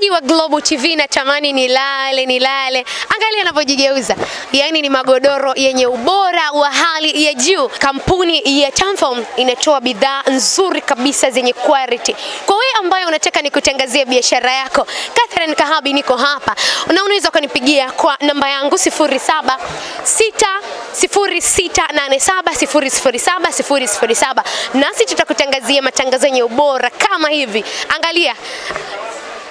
Mtazamaji wa Global TV natamani nilale nilale. Angalia anavyojigeuza, yaani ni magodoro yenye ubora wa hali ya juu. Kampuni ya Tanform inatoa bidhaa nzuri kabisa zenye quality. Kwa wewe ambaye unataka nikutangazie biashara yako, Catherine Kahabi niko hapa, na unaweza ukanipigia kwa namba yangu 07 60687007007 nasi tutakutangazia matangazo yenye ubora kama hivi. Angalia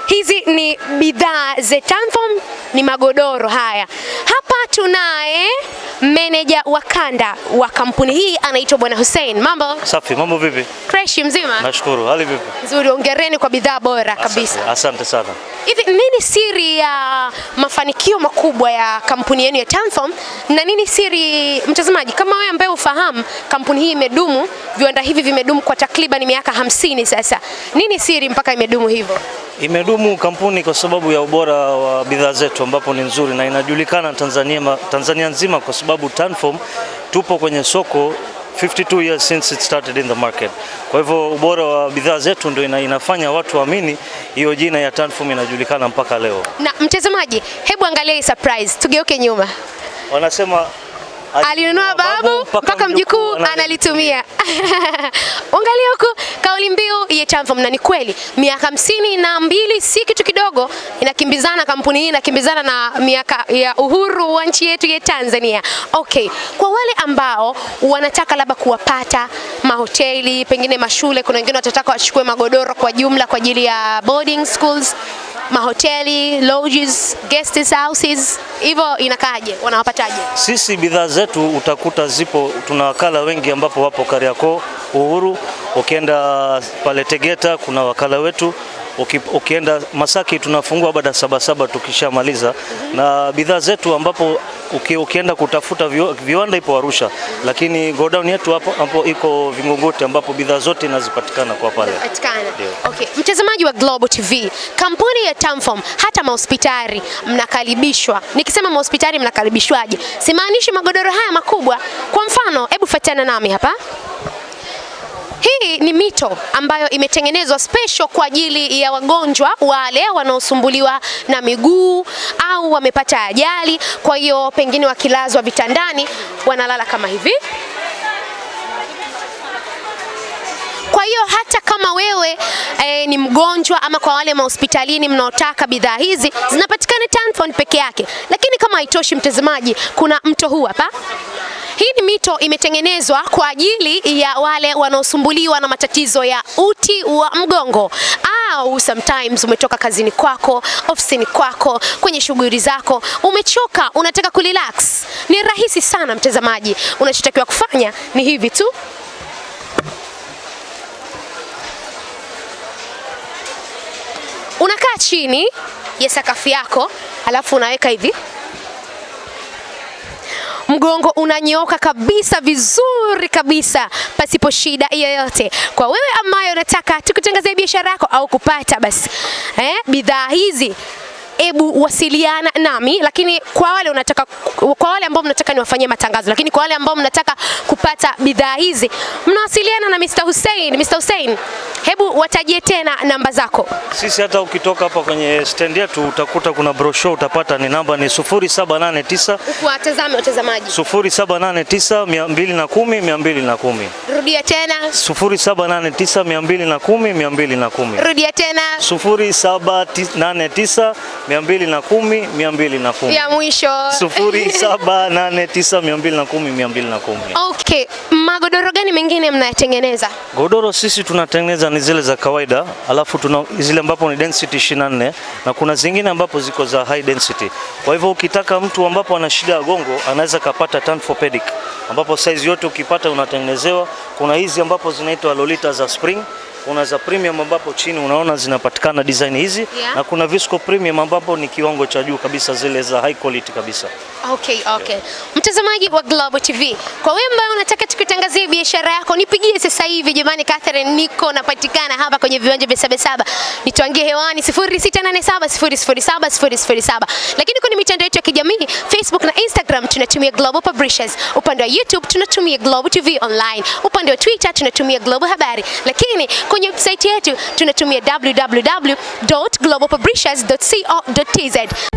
Hizi ni bidhaa Zetanform, ni magodoro haya. Hapa tunaye meneja wa kanda wa kampuni hii anaitwa Bwana Hussein. Mambo? Safi, mambo vipi? Fresh mzima? Nashukuru. Hali vipi? Nzuri. Hongereni kwa bidhaa bora kabisa. Asante, asante sana. Hivi nini siri ya mafanikio makubwa ya kampuni yenu ya Tanform na nini siri, mtazamaji kama wewe ambaye ufahamu kampuni hii imedumu, viwanda hivi vimedumu kwa takriban miaka hamsini sasa, nini siri mpaka imedumu hivyo? Imedumu kampuni kwa sababu ya ubora wa bidhaa zetu ambapo ni nzuri na inajulikana Tanzania, Tanzania nzima kwa sababu Tanform tupo kwenye soko 52 years since it started in the market. Kwa hivyo ubora wa bidhaa zetu ndio inafanya watu waamini hiyo jina ya Tanfoam inajulikana mpaka leo. Na mtazamaji, hebu angalia hii surprise, tugeuke nyuma. Wanasema alinunua babu mpaka mjukuu analitumia. Angalia huku kauli mbiu ya Chamfam, na ni kweli miaka hamsini na mbili si kitu kidogo. Inakimbizana kampuni hii inakimbizana na miaka ya uhuru wa nchi yetu ya Tanzania. Okay, kwa wale ambao wanataka labda kuwapata mahoteli, pengine mashule, kuna wengine watataka wachukue magodoro kwa jumla kwa ajili ya boarding schools mahoteli, lodges, guest houses, hivyo inakaaje? Wanawapataje? Sisi bidhaa zetu utakuta zipo, tuna wakala wengi ambapo wapo Kariakoo, Uhuru, ukienda pale Tegeta kuna wakala wetu uki, ukienda Masaki tunafungua baada saba saba tukishamaliza na bidhaa zetu, ambapo uki, ukienda kutafuta viwanda ipo Arusha, lakini godown yetu hapo hapo iko Vingunguti, ambapo bidhaa zote inazipatikana kwa pale. Okay, mtazamaji wa Global TV, kampuni ya Tamform, hata mahospitali mnakaribishwa. Nikisema mahospitali mnakaribishwaje? Simaanishi magodoro haya makubwa. Kwa mfano, hebu fuatana nami hapa. Hii ni mito ambayo imetengenezwa special kwa ajili ya wagonjwa wale wanaosumbuliwa na miguu au wamepata ajali. Kwa hiyo pengine wakilazwa vitandani wanalala kama hivi. Kwa hiyo hata kama wewe e, ni mgonjwa ama kwa wale mahospitalini mnaotaka bidhaa hizi zinapatikana Tanfon peke yake. Lakini kama haitoshi, mtazamaji, kuna mto huu hapa. Hii ni mito imetengenezwa kwa ajili ya wale wanaosumbuliwa na matatizo ya uti wa mgongo au sometimes umetoka kazini kwako, ofisini kwako, kwenye shughuli zako, umechoka, unataka kurelax. Ni rahisi sana mtazamaji, unachotakiwa kufanya ni hivi tu. unakaa chini ya sakafu yako, alafu unaweka hivi, mgongo unanyooka kabisa vizuri kabisa, pasipo shida yoyote. Kwa wewe ambaye unataka tukutangazie biashara yako au kupata basi eh, bidhaa hizi hebu wasiliana nami, lakini kwa wale unataka, kwa wale ambao mnataka niwafanyie matangazo, lakini kwa wale ambao mnataka kupata bidhaa hizi mnawasiliana na Mr. Hussein. Mr. Hussein, hebu watajie tena namba zako. Sisi hata ukitoka hapa kwenye stand yetu utakuta kuna brochure utapata, ni namba ni 0789 Watazame watazamaji, 0789 210 210. Rudia tena 0789 210 210. Rudia tena 0789 na kumi Ya mwisho kumi Okay, magodoro gani mengine mnayatengeneza? Godoro sisi tunatengeneza ni zile za kawaida, alafu tuna zile ambapo ni density 24 na kuna zingine ambapo ziko za high density. Kwa hivyo ukitaka mtu ambapo ana shida ya gongo anaweza kapata Tanfopedic ambapo size yote ukipata unatengenezewa. Kuna hizi ambapo zinaitwa Lolita za spring kuna za premium ambapo chini unaona zinapatikana design hizi yeah. na kuna visco premium ambapo ni kiwango cha juu kabisa zile za high quality kabisa. Okay, okay. Yeah. Mtazamaji wa Global TV, kwa wewe ambaye unataka tukutangazie biashara yako nipigie sasa hivi jamani, Catherine niko napatikana hapa kwenye viwanja vya Sabasaba, nitwangie hewani 0687007007 lakini kwenye mitandao yetu ya kijamii Facebook na Instagram tunatumia Global Publishers, upande wa YouTube tunatumia Global TV Online, upande wa Twitter tunatumia Global Habari, lakini kwa kwenye website yetu tunatumia www.globalpublishers.co.tz.